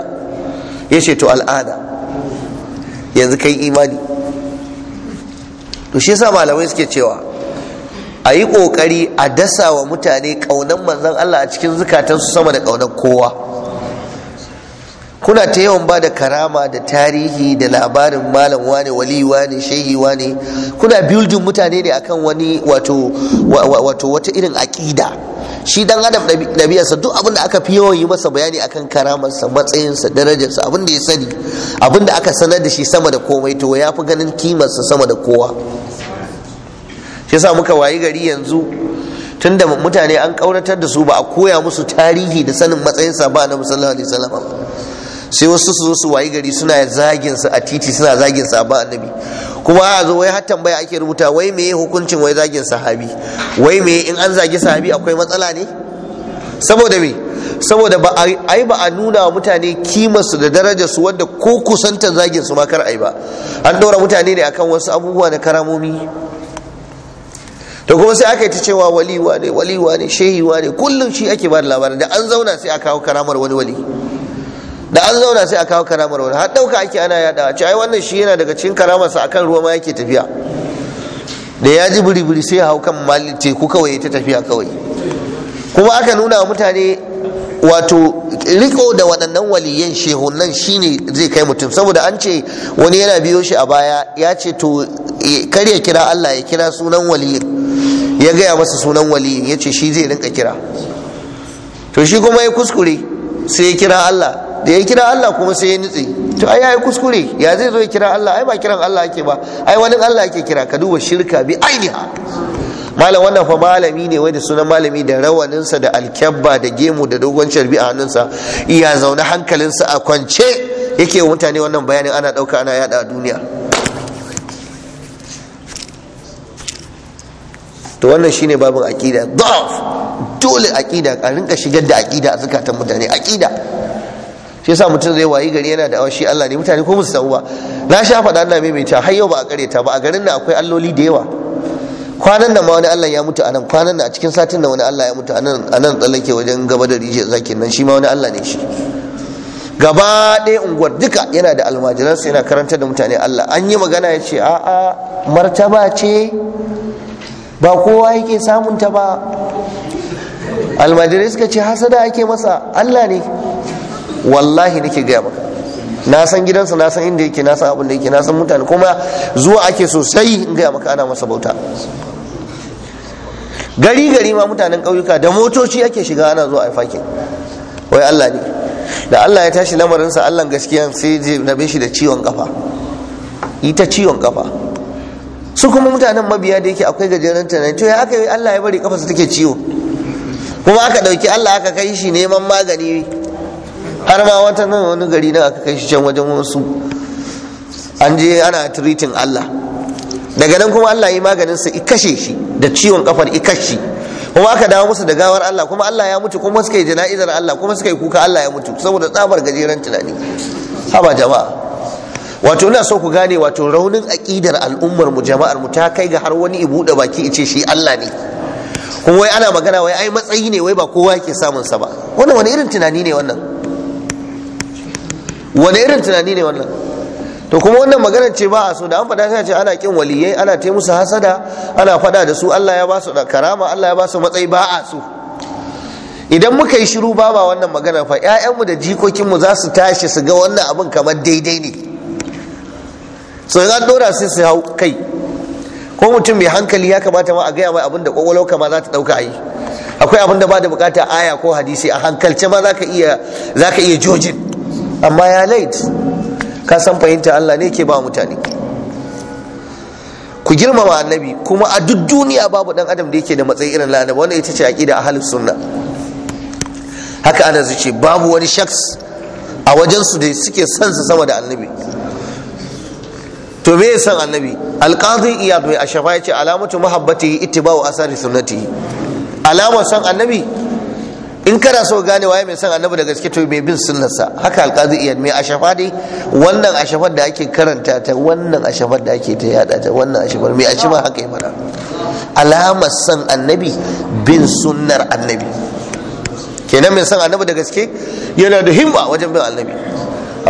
ya ce to al'ada yanzu kai imani to shi yasa malamai suke cewa a yi ƙoƙari a dasa wa mutane ƙaunar manzon Allah a cikin zukatansu sama da ƙaunar kowa kuna ta yawan ba da karama da tarihi da labarin malam wani wali wani shehi wani kuna building mutane ne akan wani wato wato wata irin aƙida shi dan adam ɗabi'arsa duk abin da aka fi yawan yi masa bayani akan karamarsa matsayinsa darajarsa abin da ya sani abin da aka sanar da shi sama da komai to ya fi ganin kimarsa sama da kowa shi yasa muka wayi gari yanzu tunda mutane an kauratar da su ba a koya musu tarihi da sanin matsayinsa ba na sallallahu alaihi wasallam sai wasu su zo su wayi gari suna zagin su a titi suna zagin ba annabi kuma a zo wai har tambaya ake rubuta wai meye hukuncin wai zagin sahabi wai meye in an zagi sahabi akwai matsala ne saboda me saboda ba ai ba a nuna wa mutane kimarsu da darajar su wadda ko kusantar zagin su ma kar ai ba an ɗaura mutane ne akan wasu abubuwa na karamomi to kuma sai aka yi ta cewa wali wane wali wane shehi wane kullum shi ake ba da labarin da an zauna sai a kawo karamar wani wali da an zauna sai a kawo karamar wani har ɗauka ake ana yada a ai wannan shi yana daga cikin karamarsa akan ruwa ma yake tafiya da ya ji biri-biri sai hau kan teku kawai ya ta tafiya kawai kuma aka nuna wa mutane wato riko da waɗannan waliyan shehunan shine zai kai mutum saboda an ce wani yana biyo shi a baya ya ce to eh, kar ya kira Allah ya kira sunan waliyin ya gaya masa sunan waliyin ya ce shi zai rinka kira to shi kuma ya kuskure sai ya kira Allah da ya kira Allah kuma sai ya nutse to ai yayi kuskure ya zai zo ya kira Allah ai ba kiran Allah yake ba ai wani Allah yake kira ka duba shirka bi ainiha malam wannan fa malami ne wai da sunan malami da rawaninsa da alkyabba da gemu da dogon carbi a hannunsa iya zaune hankalinsa a kwance yake wa mutane wannan bayanin ana ɗauka ana yada a duniya to wannan shine babin aƙida dole aƙida a rinka shigar da aƙida a zukatan mutane aƙida shi yasa mutum zai wayi gari yana da shi Allah ne mutane ko musu san uwa na sha faɗa Allah mai ta har yau ba a kareta ba a garin nan akwai alloli da yawa kwanan nan ma wani Allah ya mutu anan kwanan nan a cikin satin nan wani Allah ya mutu anan anan tsallake wajen gaba da rije zakin nan shi ma wani Allah ne shi gaba ɗaya unguwar duka yana da almajiransa yana karanta da mutane Allah an yi magana ya ce a'a martaba ce ba kowa yake samunta ba almajirai suka ce hasada ake masa Allah ne wallahi nake gaya maka na san gidansa na san inda yake na san abin da yake na san mutane kuma zuwa ake sosai in gaya maka ana masa bauta gari gari ma mutanen ƙauyuka da motoci ake shiga ana zuwa a fakin wai Allah ne da Allah ya tashi lamarinsa Allah gaskiya sai je nabe shi da ciwon kafa ita ciwon kafa su kuma mutanen mabiya da yake akwai gajeren tunani to ya aka yi Allah ya bari kafa su take ciwo kuma aka dauki Allah aka kai shi neman magani har ma wata nan wani gari na aka kai shi can wajen wasu an je ana tiritin Allah daga nan kuma Allah yi maganin sa kashe shi da ciwon kafar ikashi kuma aka dawo musu da gawar Allah kuma Allah ya mutu kuma suka yi jana'izar Allah kuma suka yi kuka Allah ya mutu saboda tsabar gajeren tunani haba jama'a wato ina so ku gane wato raunin aƙidar al'ummar mu jama'ar mu ta kai ga har wani ibu da baki ice shi Allah ne kuma wai ana magana wai ai matsayi ne wai ba kowa yake samun sa ba wannan wani irin tunani ne wannan wani irin tunani ne wannan to kuma wannan maganar ce ba a so da an faɗa ta ce ana kin waliyai ana ta musu hasada ana faɗa da su Allah ya ba su karama Allah ya ba su matsayi ba a so idan muka yi shiru ba ba wannan maganar fa ƴaƴanmu da jikokinmu za su tashi su ga wannan abin kamar daidai ne so idan dora sai su hau kai ko mutum mai hankali ya kamata ma a gaya mai abin da kwakwalwa kama za ta ɗauka a akwai abin da ba da bukata aya ko hadisi a hankalce ma za ka iya jojin amma ya lait ka san fahimta Allah ne ke ba mutane ku girmama annabi kuma a duk duniya babu dan adam da yake da matsayi irin lana wanda ita ce aqida ahlus sunna haka ana zuce babu wani shaks a wajen su da suke son su sama da annabi to me ya san annabi alqadi iyad mai ashafa yace alamatu mahabbati ittiba'u asari sunnati alama san annabi in kana so gane waye mai son annabi da gaske to mai bin sunnarsa haka alqazi iyad mai ashafa dai wannan ashafar da ake karanta ta wannan ashafar da ake ta yada ta wannan ashafar mai ma haka ya fara alamar son annabi bin sunnar annabi kenan mai son annabi da gaske yana da himma wajen bin annabi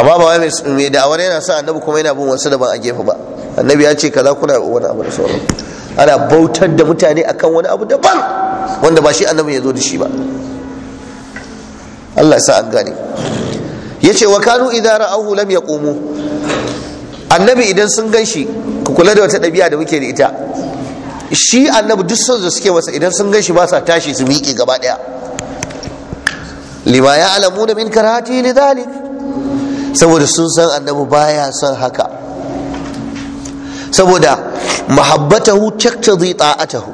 amma ba wai mai da'awar yana son annabi kuma yana bin wasu daban a gefe ba annabi ya ce kaza kuna wani abu da sauran ana bautar da mutane akan wani abu daban wanda ba shi annabi ya zo da shi ba Allah sa an gane yace wa kanu idza ra'ahu lam yaqumu annabi idan sun ganshi ku kula da wata ɗabi'a da muke da ita shi annabi duk son da suke masa idan sun ganshi ba sa tashi su miƙe gaba ɗaya lima ya alamu da min karati li dalik saboda sun san annabi baya son haka saboda mahabbatahu taktadi ta'atahu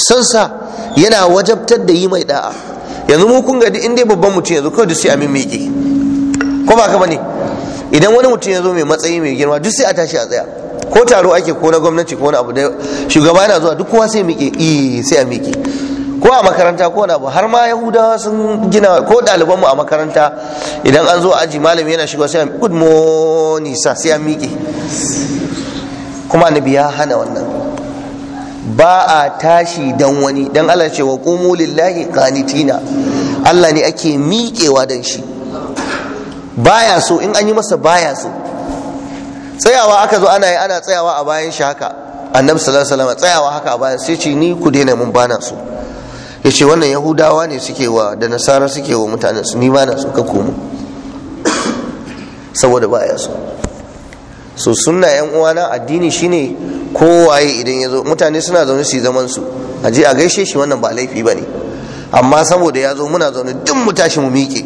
son sa yana wajabtar da yi mai da'a yanzu mu kun gadi in dai babban mutum yanzu kawai duk sai a mimmiƙe ko ba ka bane idan wani mutum ya zo mai matsayi mai girma duk sai a tashi a tsaya ko taro ake ko na gwamnati ko na abu da shugaba yana zuwa duk kowa sai miƙe eh sai a miƙe ko a makaranta ko na har ma yahudawa sun gina ko ɗalibanmu a makaranta idan an zo aji malami yana shigo sai good morning sai an miƙe kuma annabi ya hana wannan ba a tashi dan wani dan Allah ce wa qumu lillahi qanitina Allah ne ake miƙewa dan shi baya so in an yi masa baya so tsayawa aka zo ana yi ana tsayawa a bayan shi haka annabi sallallahu alaihi tsayawa haka a bayan sai ce ni ku daina mun bana so yace wannan yahudawa ne suke wa da nasara suke wa mutanen su ni bana so ka komo saboda baya so so sunna yan uwana addini shine kowaye idan ya zo mutane suna zaune su zaman su a je a gaishe shi wannan ba laifi ba ne amma saboda ya zo muna zaune duk mu tashi mu miƙe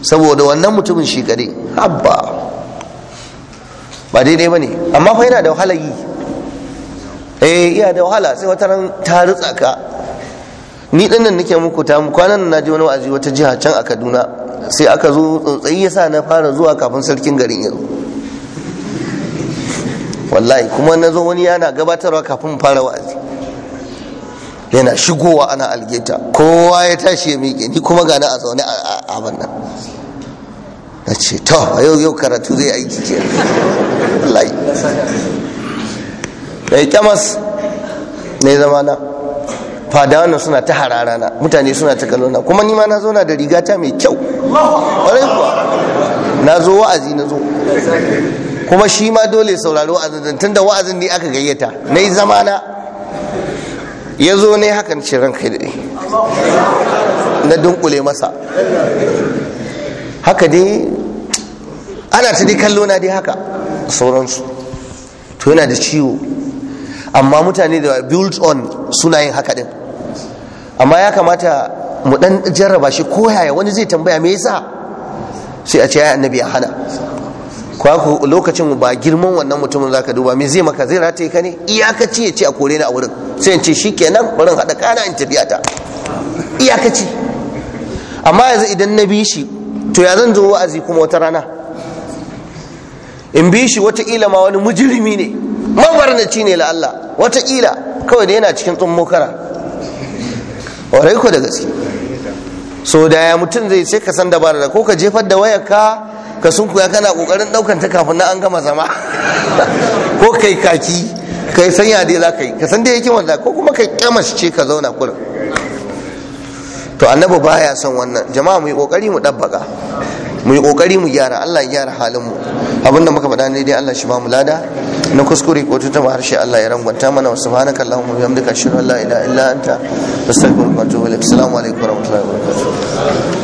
saboda wannan mutumin shi kare habba ba daidai ba ne amma fa yana da wahala yi eh iya da wahala sai wata ran ta rutsa ka ni din nan nake muku ta kwanan na je wani wa'azi wata jiha can a Kaduna sai aka zo tsotsayi yasa na fara zuwa kafin sarkin garin ya zo wallahi kuma na zo wani yana gabatarwa kafin fara wa'azi yana shigowa ana algeta kowa ya tashi ya miƙe ni kuma gani a zaune a abin nan na ce to yau yau karatu zai aiki ke wallahi da kyamas na yi zama na wannan suna ta hararana mutane suna ta kalona kuma ni ma na zo na da rigata mai kyau ƙwarai kuwa na zo wa'azi na zo kuma shi ma dole sauraro tun da wa'azin ne aka gayyata na yi zamana ya zo ne hakan ce kai da na dunkule masa haka dai ana ta dai kallo na dai haka sauransu to yana da ciwo amma mutane da built on suna yin haka din amma ya kamata mu ɗan jarraba shi ko yaya wani zai tambaya me yasa sai a ce ya annabi ya hana kwaku lokacin ba girman wannan mutumin zaka duba me zai maka zai rataye ka ne iyakaci ya ce a kore ni a wurin sai in ce shikenan barin haɗa kana in tafiya ta iyakaci amma yanzu idan na bi shi to ya zan zo wa'azi kuma wata rana in bi shi wataƙila ma wani mujirimi ne mabarnaci ne la Allah wataƙila kawai da yana cikin kara warai ko da gaske so da ya mutum zai sai ka san dabara ko ka jefar da ka ka sun kuya kana kokarin daukan ta kafin na an gama zama ko kai kaki kai san ya dai zakai ka san dai yake wanda ko kuma kai kyamashi ce ka zauna kurin to annabi baya son wannan jama'a mu yi kokari mu dabbaka mu yi kokari mu gyara Allah ya gyara halin mu abinda muka faɗa ne dai Allah shi ba mu lada na kuskure ko tuta ba harshe Allah ya rangwanta mana wa subhanaka allahumma wa bihamdika ashhadu an la ilaha illa anta astaghfiruka wa atubu ilaik assalamu alaikum wa rahmatullahi wa barakatuh